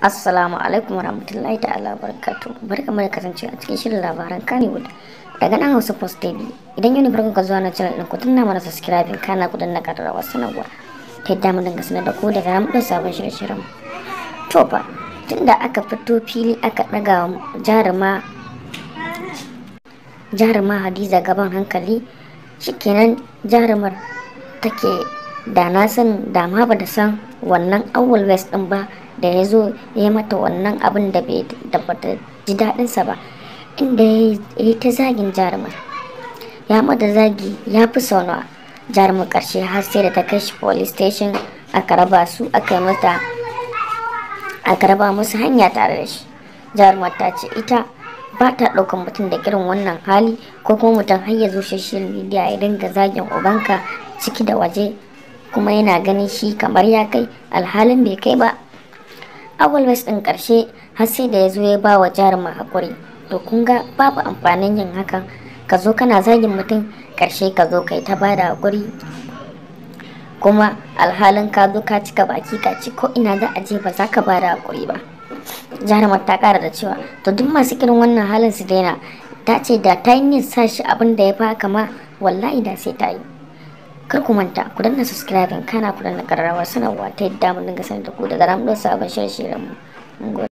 Assalamu alaikum warahmatullahi ta'ala barakatuh. barka da kasance a cikin shirin labaran Kannywood daga nan Hausa Post TV. Idan yau ne farkon ka zuwa na channel din ku tunna mana subscribe kana ku danna kadarwa sanarwa. Ta yadda mu dinga sanar da ku da zamu dan sabon shirin shiryen To fa tunda aka fito fili aka daga jaruma Hadiza gaban hankali shikenan jarumar take da na san da ma ba da san wannan awal west din ba da ya zo ya mata wannan abin da bai bata ji daɗinsa ba inda ya yi ta zagin jarumar ya mata zagi ya fi sauna jarumar ƙarshe har sai da ta kai shi police station aka raba su musu hanya tare da shi jarumar ta ce ita ba ta ɗaukan mutum da irin wannan hali ko kuma mutum har ya zo social media ya dinga zagin ubanka ciki da waje kuma yana ganin shi kamar ya kai alhalin bai kai ba awalwes ɗin din karshe har da ya zo ya bawa wa ma hakuri to kun ga babu amfanin yin hakan ka zo kana zagin mutum karshe ka zo kai ta bada hakuri kuma alhalin ka zo ka cika baki ka ci ko ina za a je ba za ka bada hakuri ba jarma ta kara da cewa to duk masu kirin wannan halin su daina ta ce da ta yi sa shi abin da ya fa kama wallahi da sai ta yi kar ku manta ku danna subscribe kana ku danna kararrawar sanarwa ta yadda mun dinga sanar da ku da zarar sabon shirye-shiryen mu